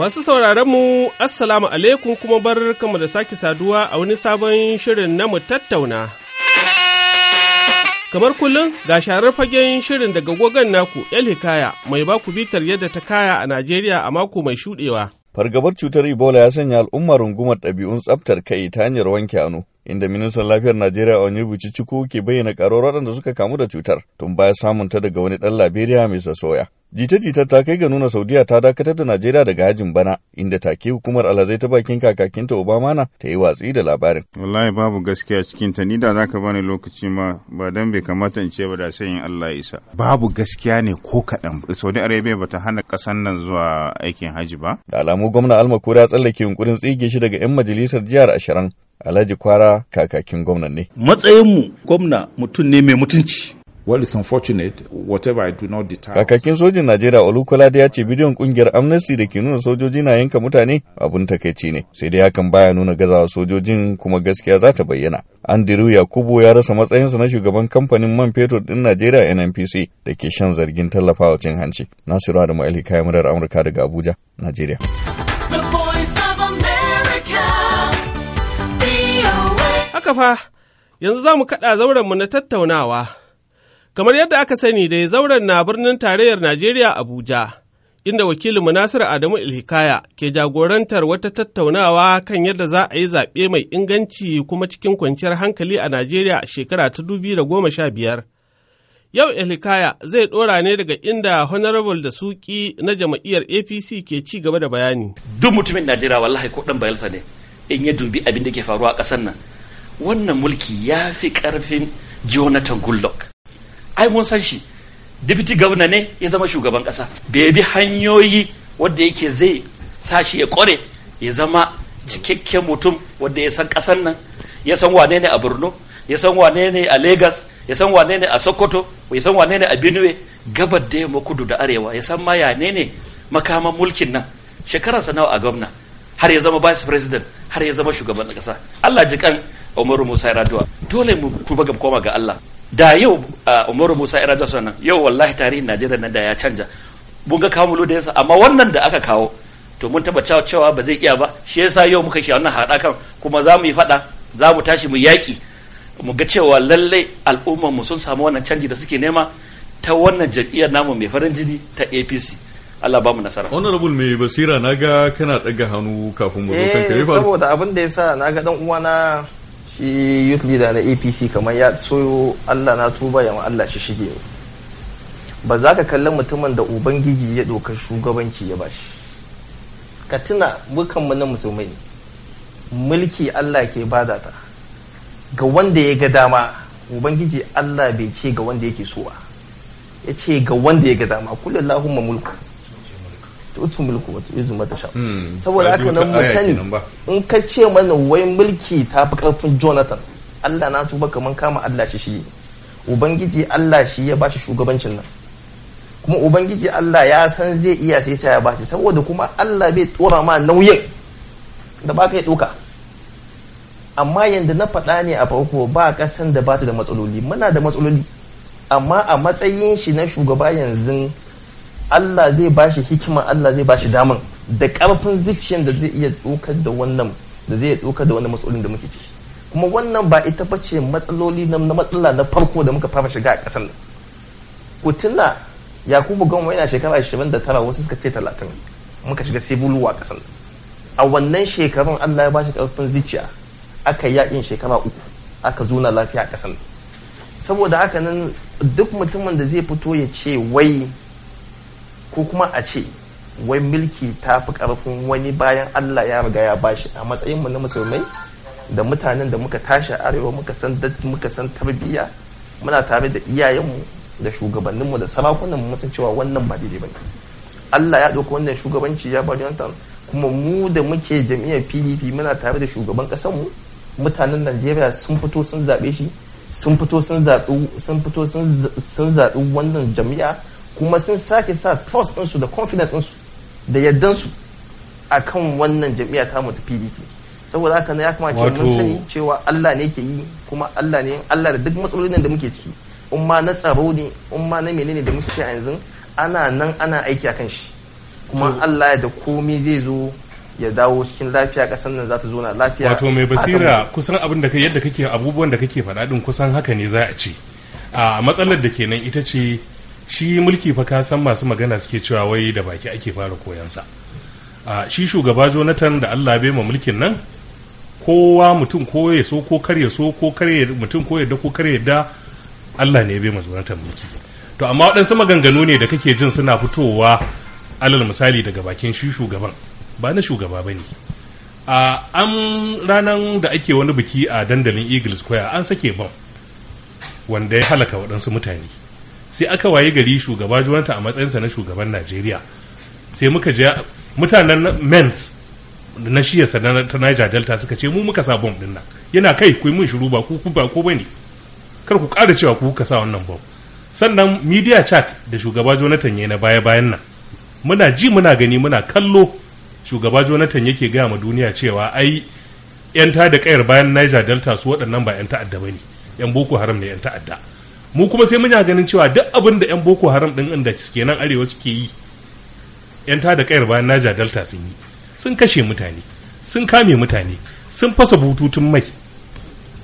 Masu sauraronmu, Assalamu alaikum kuma bar kama da sake saduwa a wani sabon shirin na mu tattauna. Kamar kullum ga sharar fagen shirin daga gogon naku El Hikaya mai baku bitar yadda ta kaya a Najeriya a mako mai shuɗewa. Fargabar cutar Ebola ya sanya al'ummar rungumar ɗabi'un tsaftar kai ta hanyar wanke hannu, inda ministan lafiyar Najeriya a wani buci ciko ke bayyana karuwar waɗanda suka kamu da cutar tun baya samunta daga wani ɗan Liberia mai sassoya. Jita-jita ta kai ga nuna Saudiya ta dakatar da Najeriya daga hajin bana, inda take hukumar alhazai ta bakin kakakinta Obama na ta yi watsi da labarin. Wallahi babu gaskiya cikin ta ni da zaka bani lokaci ma ba dan bai kamata in ce ba da sai in Allah isa. Babu gaskiya ne ko kaɗan. Saudi Arabia bata hana kasan nan zuwa aikin haji ba. Da alamu gwamna Alma ya tsallake yunkurin tsige shi daga 'yan majalisar jihar ashirin. Alhaji Kwara kakakin gwamnan ne. Matsayinmu gwamna mutum ne mai mutunci. well it's unfortunate whatever I do not deter. Kakakin sojin Najeriya Olukolade ya ce bidiyon kungiyar Amnesty da ke nuna sojoji na yanka mutane abun takaici ne sai dai hakan baya nuna gazawa sojojin kuma gaskiya za ta bayyana. Andrew Yakubu ya rasa matsayinsa na shugaban kamfanin man fetur din Najeriya NNPC da ke shan zargin tallafawa cin hanci. Nasiru Adamu Ali kayan murar Amurka daga Abuja, Najeriya. Haka fa, yanzu za mu kaɗa zauren mu na tattaunawa. Kamar yadda aka sani da zauren na birnin tarayyar Najeriya Abuja, inda wakilin Nasiru Adamu Ilhikaya ke jagorantar wata tattaunawa kan yadda za a yi zaɓe mai inganci kuma cikin kwanciyar hankali a Najeriya a shekara ta da goma sha biyar. Yau Ilhikaya zai ɗora ne daga inda Honorable da Suki na jam'iyyar APC ke ci gaba da bayani. Duk mutumin Najeriya wallahi ko ɗan bayelsa ne in ya dubi abin da ke faruwa a ƙasar nan. Wannan mulki ya fi ƙarfin Jonathan Goodluck. ai mun san shi deputy governor ne ya zama shugaban kasa bai bi hanyoyi wanda yake zai sa shi ya kore ya zama cikakken mutum wanda ya san kasan nan ya san wane ne a Borno ya san wane ne a Lagos ya san wane ne a Sokoto ya san wane ne a Benue gabar da yamma kudu da arewa ya san ma ya ne ne makaman mulkin nan shekararsa nawa a gwamna har ya zama vice president har ya zama shugaban kasa Allah jikan Umaru Musa Raduwa dole mu kuma koma ga Allah da yau umaru musa ira jason nan yau wallahi tarihin najeriya nan da ya canja mun ga kamulo da yasa amma wannan da aka kawo to mun taba cewa ba zai iya ba shi yasa yau muka shi wannan kan kuma za mu yi faɗa za mu tashi mu yaki mu ga cewa lallai al'ummar mu sun samu wannan canji da suke nema ta wannan jam'iyyar namu mai farin jini ta apc Allah ba mu nasara. Honorable mai basira na ga kana ɗaga hannu kafin mu zo kanka. Eh saboda abin da ya sa na ga uwana shi youth leader na apc kamar ya soyo allah na tuba ya allah shi shige ba za ka kalli mutumin da ubangiji ya ɗaukar shugabanci ya bashi ka tuna mu na musulmai mulki allah ke bada ta ga wanda ya ga dama ubangiji allah bai ce ga wanda yake so ba ya ce ga wanda ya ga dama kullum lahumma mulku utu mulku wata izu mata sha hmm. saboda haka nan mu in ka ce mana wai mulki ta fi karfin jonathan allah na tuba kamar kama allah shi shi ubangiji allah shi ya bashi shugabancin nan kuma ubangiji allah ya san zai iya sai sai ya bashi saboda kuma allah bai tsora ma nauyin da ba ka yi ɗauka amma yadda na faɗa ne a farko ba kasan da ba ta da matsaloli muna da matsaloli amma a matsayin shi na shugaba yanzu Allah zai ba shi hikima Allah zai ba shi daman da karfin zuciyar da zai iya tsokar da wannan da zai tsokar da wannan matsalolin da muke ci kuma wannan ba ita ba ce matsaloli na matsala na farko da muka fara shiga a ƙasar nan ku tuna yakubu gama yana shekara 29 wasu suka ce 30 muka shiga sebulu a ƙasar nan a wannan shekarun Allah ya shi karfin zuciya aka yakin shekara uku aka zuna lafiya a ƙasar saboda haka nan duk mutumin da zai fito ya ce wai ko kuma a ce wai mulki ta fi ƙarfin wani bayan Allah ya riga ya bashi a matsayinmu na musulmai da mutanen da muka tashi arewa muka san muka san tarbiyya muna tare da iyayenmu da shugabanninmu da sarakunanmu mu san cewa wannan ba daidai bane Allah ya ɗauki wannan shugabanci ya ba Jonathan kuma mu da muke jami'ar PDP muna tare da shugaban mu mutanen Najeriya sun fito sun zaɓe shi sun fito sun zaɓi sun fito sun zaɓi wannan jami'a kuma sun sake sa trust ɗinsu da confidence ɗinsu da yardansu a kan wannan jami'a ta mutu pdp saboda haka na ya kamata mun sani cewa allah ne ke yi kuma allah ne allah da duk matsalolin da muke ciki in ma na tsaro ne in ma na menene da muke a yanzu ana nan ana aiki a kan shi kuma allah da komi zai zo ya dawo cikin lafiya kasan nan za ta zo na lafiya wato mai basira kusan abin da yadda kake abubuwan da kake faɗa kusan haka ne za a ce a ah, matsalar da kenan ita ce shi mulki fa ka san masu magana suke cewa wai da baki ake fara koyansa a shi shugaba jonathan da allah bai ma mulkin nan kowa mutum ko ya so ko kar ya so ko kar ya mutum ko yadda ko kar da. allah ne ya bai ma jonathan mulki to amma waɗansu maganganu ne da kake jin suna fitowa alal misali daga bakin shi shugaban ba na shugaba ba ne a an ranar da ake wani biki a dandalin eagle square an sake ban wanda ya halaka waɗansu mutane sai aka waye gari shugaba juwanta a matsayinsa na shugaban najeriya sai muka je mutanen mens na shiya sanar ta niger delta suka ce mu muka sa bom din nan yana kai ku mun shiru ba ku ba ko bane kar ku ƙara cewa ku kuka sa wannan bom sannan media chat da shugaba jonathan ya na baya bayan nan muna ji muna gani muna kallo shugaba jonathan yake gaya ma duniya cewa ai yan da kayar bayan niger delta su waɗannan ba yan ta'adda ba ne yan boko haram ne yan ta'adda mu kuma sai muna ganin cewa duk abin da yan boko haram din inda suke nan arewa suke yi yan ta da kayar bayan naja delta sun yi sun kashe mutane sun kame mutane sun fasa bututun mai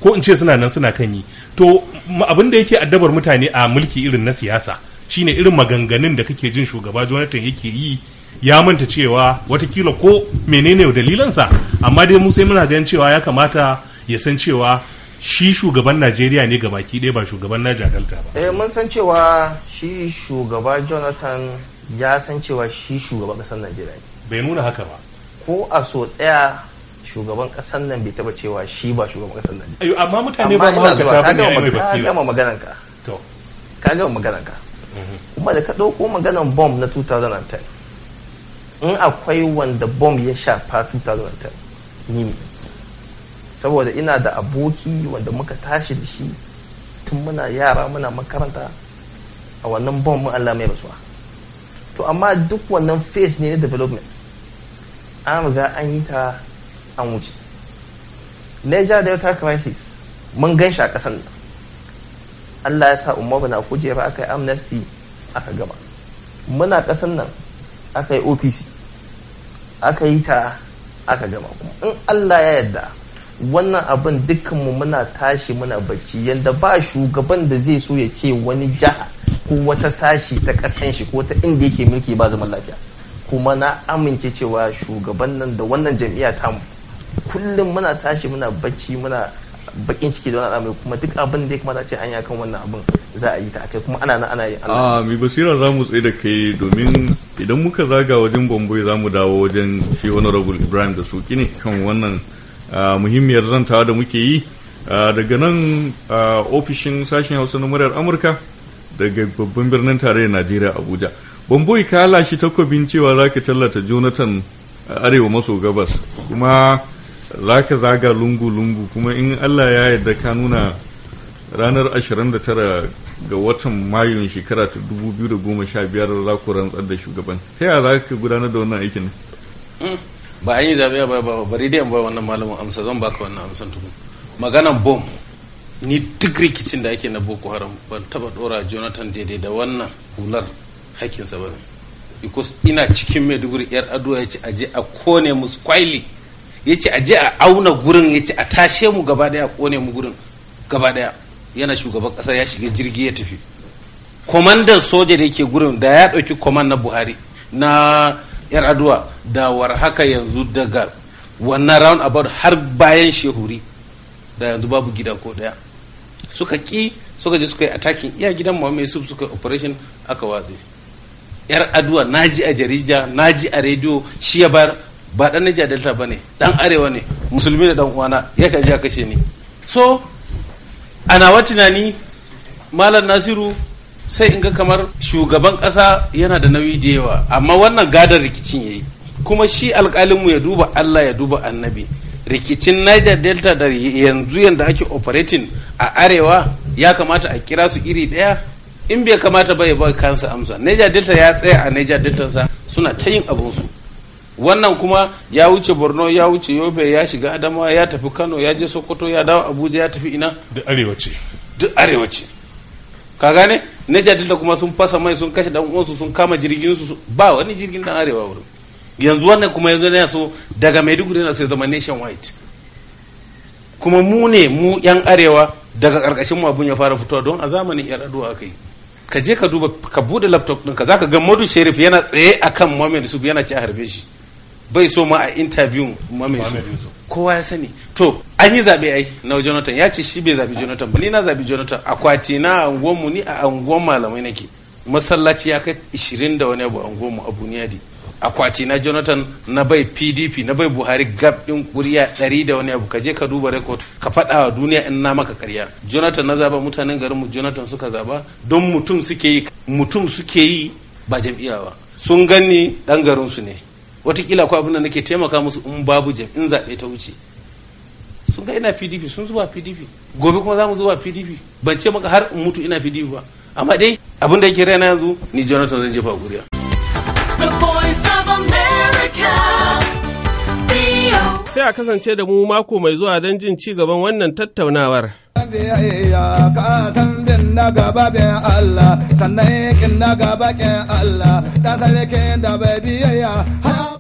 ko in ce suna nan suna kan yi to abin da yake addabar mutane a mulki irin na siyasa shine irin maganganun da kake jin shugaba jonathan yake yi ya manta cewa watakila ko menene dalilansa amma dai mu sai muna ganin cewa ya kamata ya san cewa shi shugaban najeriya ne gabaki ɗaya ba shugaban naja delta ba eh mun san cewa shi shugaba jonathan ya san cewa shi shugaban ƙasar najeriya ne bai nuna haka ba ko a so ɗaya shugaban ƙasar nan bai taba cewa shi ba shugaban ƙasar nan ayo amma mutane ba ta ba ne mai basira ka gama maganan ka to ka gama maganan ka mhm. kuma da ka ɗauko maganar bomb na 2010 in akwai wanda bomb ya shafa 2010 ni ne saboda ina da aboki wanda muka tashi da shi tun muna yara muna makaranta a wannan bom mun Allah mai rasuwa to amma duk wannan face ne na development an riga an yi ta an wuce Niger Delta crisis mun gan shi a ƙasar nan Allah ya sa Umar na kujera aka yi amnesty aka gaba muna ƙasar nan aka yi OPC aka yi ta aka gama kuma in Allah ya yarda wannan abin dukkanmu muna tashi muna bacci yadda ba shugaban da zai so ya ce wani jiha ko wata sashi ta kasan shi ko ta inda yake mulki ba zaman lafiya kuma na amince cewa shugaban nan da wannan jam'iyya ta kullum muna tashi muna bacci muna bakin ciki da wani al'amari kuma duk abin da ya kamata ce an kan wannan abin za a yi ta akai kuma ana nan ana yi a ah, mai basira za mu tsaye da kai domin idan muka zaga wajen bombay za mu dawo wajen shi honorable ibrahim da suki ne kan wannan Ah, muhimmiyar zantawa da muke yi ah, daga nan ah, ofishin sashen hausa na muryar amurka daga babban birnin tarayyar najeriya abuja bamboi ka lashe takobin cewa za ka tallata jonathan arewa maso gabas kuma za ka zaga lungu-lungu kuma in allah ya yarda ka nuna ranar 29 ga watan mayun shekara ta 2015 za ku rantsar da shugaban ta yaya za ka gudanar da wannan aikin mm. ba an yi zaɓe ba ba bari dai ba wannan malamin amsa zan baka wannan amsan tukun maganan bom ni duk rikicin da ake na boko haram ban taba dora jonathan daidai da wannan hular hakinsa ba because ina cikin maiduguri yar aduwa ya ce aje a kone mu kwaili ya ce aje a auna gurin ya ce a tashe mu gaba daya kone mu gurin gaba daya yana shugaban kasa ya shiga jirgi ya tafi komandan soja da yake gurin da ya dauki komandan buhari na yar aduwa da war haka yanzu daga wannan round about har bayan shehuri da yanzu babu gida ko daya suka ki suka ji suka yi attacking iya gidan Muhammad Yusuf suka operation aka watse yar aduwa naji a jarida naji a rediyo shi ya bar ba dan Niger Delta bane dan arewa ne musulmi da dan uwana ya kaje kashe ni so ana wa tunani malam Nasiru sai in ga kamar shugaban ƙasa yana da nauyi da yawa amma wannan gadar rikicin yayi kuma shi alƙalinmu ya duba Allah ya duba annabi rikicin Niger Delta da yanzu yanda ake operating a arewa ya kamata a kira su iri ɗaya in bai kamata ba ya ba kansa amsa Niger Delta ya tsaya a Niger Delta sa suna ta yin abinsu wannan kuma ya wuce borno ya wuce yobe ya shiga adamawa ya tafi kano ya je sokoto ya dawo abuja ya tafi ina duk arewaci duk ka gane na da kuma sun fasa mai sun kashe dan uwansu sun kama jirgin su ba wani jirgin dan arewa wurin yanzu wannan kuma yanzu ne so daga maiduguri na sai zama nation white kuma mu ne mu yan arewa daga karkashin mu abun ya fara fitowa don a zamanin yar aduwa kai ka je ka duba ka bude laptop ɗinka za ka ga modu sherif yana tsaye akan mohamed yusuf yana ci a harbe shi bai so ma a interview mohamed yusuf kowa ya sani to an yi zaɓe ai na jonathan ya ce shi bai zaɓi jonathan ba ni na zaɓi jonathan kwati na unguwanmu ni a unguwan malamai nake masallaci ya kai 20 da wani abu unguwanmu a buniyadi kwati na jonathan na bai pdp na bai buhari gab din kuriya ɗari da wani abu ka je ka duba rekod ka faɗa wa duniya in na maka karya jonathan na zaba mutanen mu jonathan suka zaba don mutum suke yi mutum suke yi ba jam'iyya ba sun gani ɗan garinsu ne watakila ko abin da nake taimaka musu in babu in zaɓe ta wuce sun ga ina pdp sun zuwa pdp gobe kuma za mu zuwa pdp ban ce maka har in mutu ina pdp ba amma dai abin da yake raina yanzu ni jonathan zan jefa guriya sai a kasance da mu mako mai zuwa don jin ci gaban wannan tattaunawar. kinna gaba bin Allah sannan gaba kin Allah sare da bai biyayya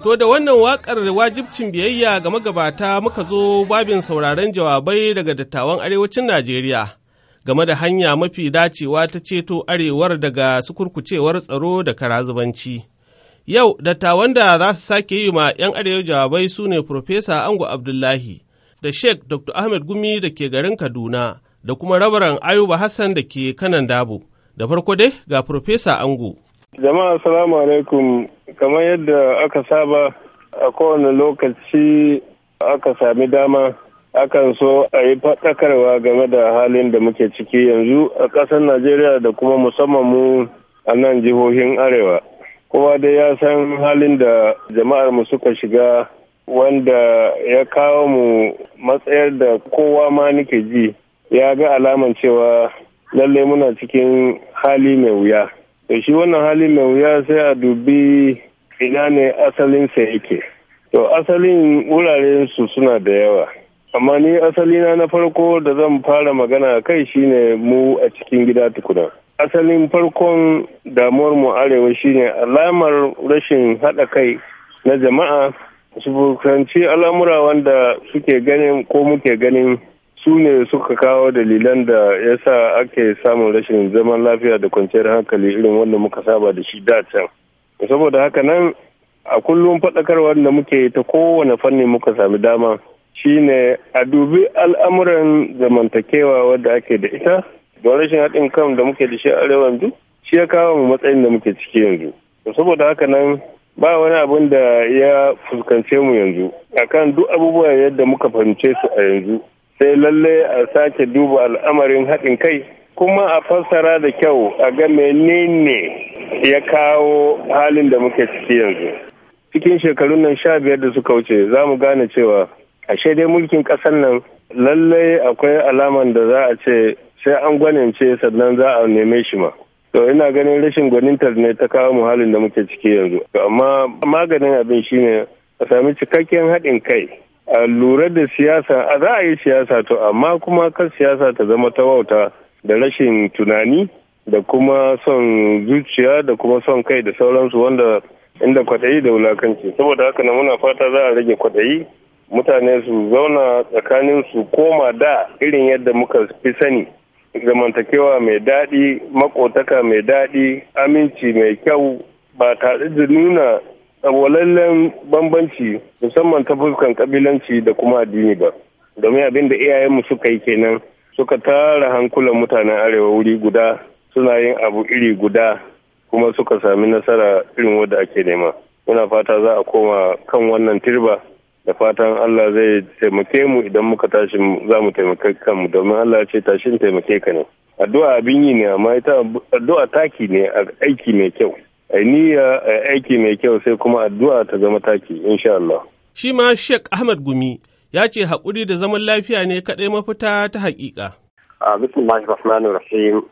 To da wannan wakar wajibcin biyayya ga magabata muka zo babin sauraron jawabai daga dattawan arewacin Najeriya game da hanya mafi dacewa ta ceto arewar daga sukurkucewar tsaro da karazubanci. Yau, dattawan da za su sake yi ma 'yan arewa jawabai su ne Profesa Ango Abdullahi da Sheikh Dr. Ahmed Gumi da ke garin Kaduna da kuma rabaran Ayuba Hassan da ke kanan dabo. Da farko dai ga Profesa Ango. Jama'a salamu alaikum kamar yadda aka saba a kowane lokaci aka sami dama akan so a yi faɗakarwa game da halin da muke ciki yanzu a ƙasar Najeriya da kuma musamman mu a nan jihohin Arewa. Kowa dai ya san halin da jama'ar mu suka shiga wanda ya kawo mu matsayar da kowa ma nike ji ya ga alaman cewa lallai muna cikin hali mai wuya da shi wannan hali mai wuya sai a dubi ina ne asalin sa yake to asalin wuraren su suna da yawa amma ni asalina na farko da zan fara magana kai shine mu a cikin gida tukuna asalin farkon damuwar mu arewa shine alamar rashin haɗa kai na jama'a su al'amura wanda suke ganin ko muke ganin su ne suka kawo dalilan da ya sa ake samun rashin zaman lafiya da kwanciyar hankali irin wanda muka saba da shi da can saboda haka nan a kullum faɗakarwar da muke ta kowane fanni muka sami dama shine a dubi al'amuran zamantakewa wadda ake da ita don rashin haɗin kan da muke da shi a arewa yanzu shi ya kawo mu matsayin da muke ciki yanzu saboda haka nan ba wani abin da ya fuskance mu yanzu akan duk abubuwa yadda muka fahimce su a yanzu sai lalle a sake duba al'amarin haɗin kai kuma a fassara da kyau a ga menene ya kawo halin da muke ciki yanzu cikin shekarun nan sha biyar da suka wuce za mu gane cewa ashe dai mulkin ƙasar nan lalle akwai alaman da za a ce sai an gwanince sannan za a neme shi ma to ina ganin rashin gwanintar ne ta kawo mu halin da muke ciki yanzu amma maganin abin shine a sami cikakken haɗin kai a lura da siyasa a za a yi siyasa to amma kuma kan siyasa ta zama ta wauta da rashin tunani da kuma son zuciya da kuma son kai da sauransu wanda inda kwaɗayi da wulakanci saboda haka na muna fata za a rage kwaɗayi mutane su zauna tsakanin su koma da irin yadda muka fi sani zamantakewa mai daɗi makotaka mai daɗi aminci mai kyau ba tare da nuna tsawalallen bambanci musamman ta fuskan kabilanci da kuma addini ba domin abin da iyayenmu suka yi kenan suka tara hankulan mutanen arewa wuri guda suna yin abu iri guda kuma suka sami nasara irin wadda ake nema muna fata za a koma kan wannan tirba da fatan Allah zai taimake mu idan muka tashi za mu taimake kanmu domin Allah ce tashin taimake ka ne addu'a abin yi ne amma ita addu'a taki ne aiki mai kyau niyya aiki mai kyau sai kuma addu'a ta zama taki insha Allah. Shi ma Sheikh Ahmad Gumi ya ce haƙuri da zaman lafiya ne kaɗai mafita ta haƙiƙa. Bismillahir Rahmanir Rahim.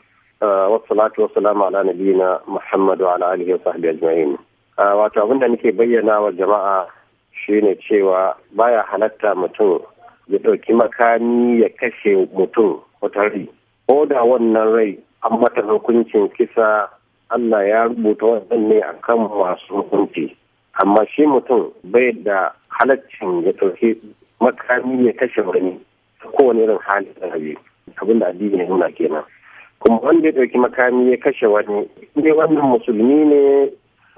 Wassalatu wassalamu ala nabiyina Muhammad wa ala alihi wa sahbihi ajma'in. Wato abin da nake bayyana wa jama'a shine cewa baya halatta mutum ya ɗauki makami ya kashe mutum wata rai. Ko da wannan rai an mata hukuncin kisa Allah ya rubuta wannan ne a kan masu hukunci amma shi mutum bai da halaccin ya ɗauki makami ya kashe wani kowane irin hali da rabi abin da addini ya nuna kenan kuma wanda ya ɗauki makami ya kashe wani ne wannan musulmi ne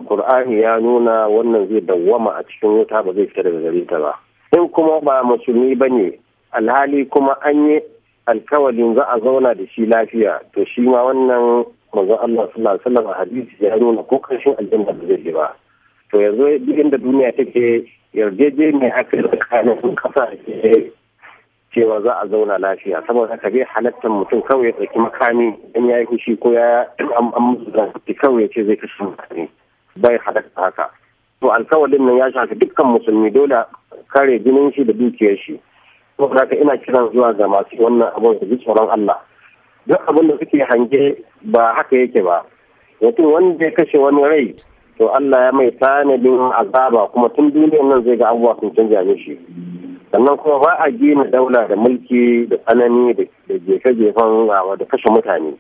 Qur'ani ya nuna wannan zai dawwama a cikin wuta ba zai fita da gare ta ba in kuma ba musulmi ba ne alhali kuma an yi alkawalin za a zauna da shi lafiya to shi ma wannan manzon Allah sallallahu alaihi wasallam a hadisi ya nuna ko karshen aljanna da zai ba to yanzu duk inda duniya take yarjejeniya aka tsakanin kasa cewa za a zauna lafiya saboda haka bai halatta mutum kawai ya tsaki makami in ya yi fushi ko ya an amfani kawai ya ce zai kashe mutane bai halatta haka to alkawalin nan ya shafi dukkan musulmi dole kare jinin shi da dukiyar shi ko haka ina kiran zuwa ga masu wannan abun da tsoron Allah duk abin da suke hange ba haka yake ba mutum wanda ya kashe wani rai to Allah ya mai tanadin azaba kuma tun duniya nan zai ga abubuwa sun canja mishi sannan kuma ba a gina daula da mulki da tsanani da jefe-jefen ah, da kashe mutane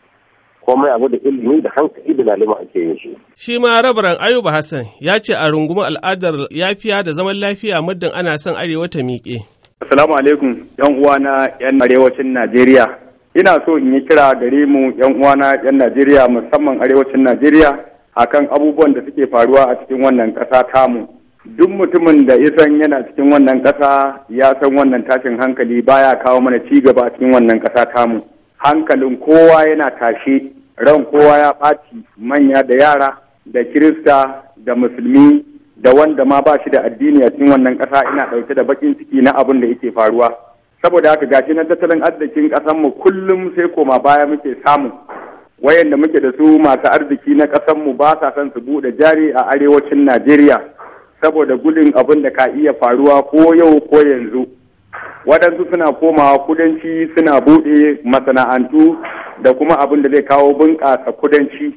komai abu da ilimi da hankali da lalima ake yin shi. Shi ma rabaran Ayuba Hassan ya ce a rungumi al'adar yafiya da zaman lafiya muddin ana son arewa ta miƙe. Assalamu alaikum yan uwana yan arewacin Najeriya ina so in yi kira gare mu yan uwana yan Najeriya musamman arewacin Najeriya akan abubuwan da suke faruwa a cikin wannan ƙasa tamu duk mutumin da ya san yana cikin wannan ƙasa ya san wannan tashin hankali baya kawo mana ci gaba a cikin wannan ƙasa tamu hankalin kowa yana tashe ran kowa ya ɓaci manya da yara da kirista da musulmi da wanda ma ba shi da addini a cikin wannan ƙasa ina ɗauke da baƙin ciki na abin da yake faruwa saboda haka gashi na tattalin arzikin ƙasar mu kullum sai koma baya muke samu wayanda muke da su masu arziki na ƙasar mu ba sa son su bude jari a arewacin Najeriya saboda gudun abin da ka iya faruwa ko yau ko yanzu waɗansu suna komawa kudanci suna buɗe masana'antu da kuma abin da zai kawo bunƙasa kudanci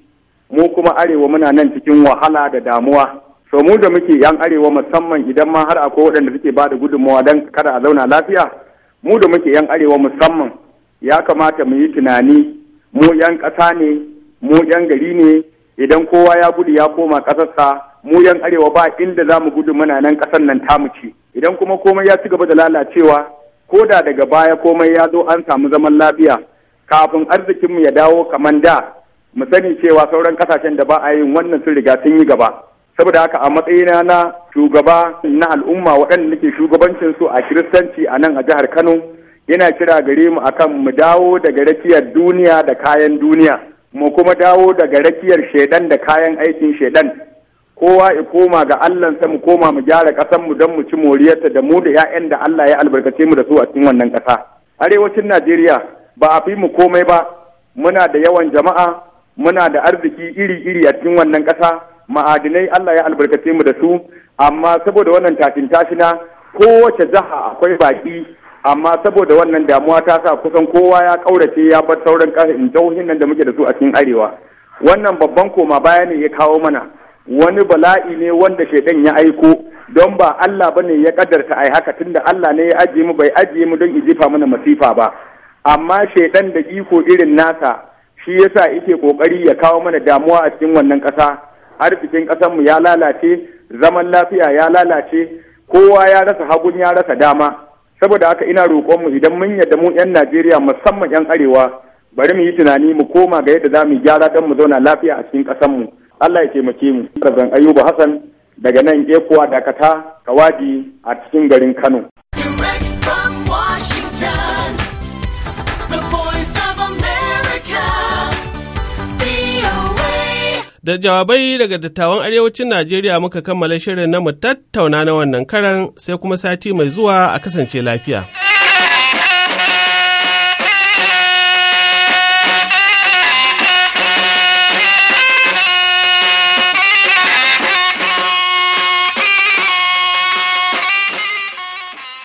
mu kuma arewa muna nan cikin wahala da damuwa so mu da muke yan arewa musamman idan ma har akwai waɗanda suke ba da gudunmawa don kada a zauna lafiya mu da muke yan arewa musamman ya kamata mu yi tunani mu yan ƙasa ne mu yan gari ne idan kowa ya gudu ya koma ƙasarsa mu yan arewa ba inda za mu gudu muna nan ƙasar nan ta ce idan kuma komai ya ci gaba da lalacewa ko da daga baya komai ya zo an samu zaman lafiya kafin arzikinmu ya dawo kamar da mu sani cewa sauran ƙasashen da ba a yin wannan sun riga sun yi gaba saboda haka a matsayina na shugaba na al'umma waɗanda nake shugabancin su a kiristanci a nan a jihar Kano yana kira gare mu akan mu dawo daga rakiyar duniya da kayan duniya mu kuma dawo daga rakiyar shaidan da kayan aikin shaidan kowa ya koma ga Allahnsa mu koma mu gyara ƙasar mu don mu ci moriyarta da mu da 'ya'yan da Allah ya albarkace mu da su a cikin wannan ƙasa arewacin Najeriya ba a fi mu komai ba muna da yawan jama'a muna da arziki iri-iri a cikin wannan ƙasa ma'adinai Allah ya albarkace mu da su amma saboda wannan tashin tashina kowace jiha akwai baki amma saboda wannan damuwa ta sa kusan kowa ya kaurace ya bar sauran ƙarin jauhin nan da muke da su a cikin arewa wannan babban koma baya ne ya kawo mana wani bala'i ne wanda shaidan ya aiko don ba Allah bane ya kaddarta ai haka tunda Allah ne ya ajiye mu bai ajiye mu don ijifa mana masifa ba amma shaidan da iko irin nasa shi yasa yake kokari ya kawo mana damuwa a cikin wannan ƙasa arzikin ƙasarmu ya lalace zaman lafiya ya lalace kowa ya rasa hagun ya rasa dama saboda haka ina roƙonmu idan mun yadda mu 'yan najeriya musamman 'yan arewa bari mu yi tunani mu koma ga yadda za mu gyara don mu zauna lafiya a cikin ƙasarmu allah ya taimake mu razan ayuba hassan daga nan ekuwa dakata kawaji a cikin garin kano Da jawabai daga dattawan arewacin Najeriya muka kammala shirin na mu tattauna na wannan karan sai kuma sati mai zuwa a kasance lafiya.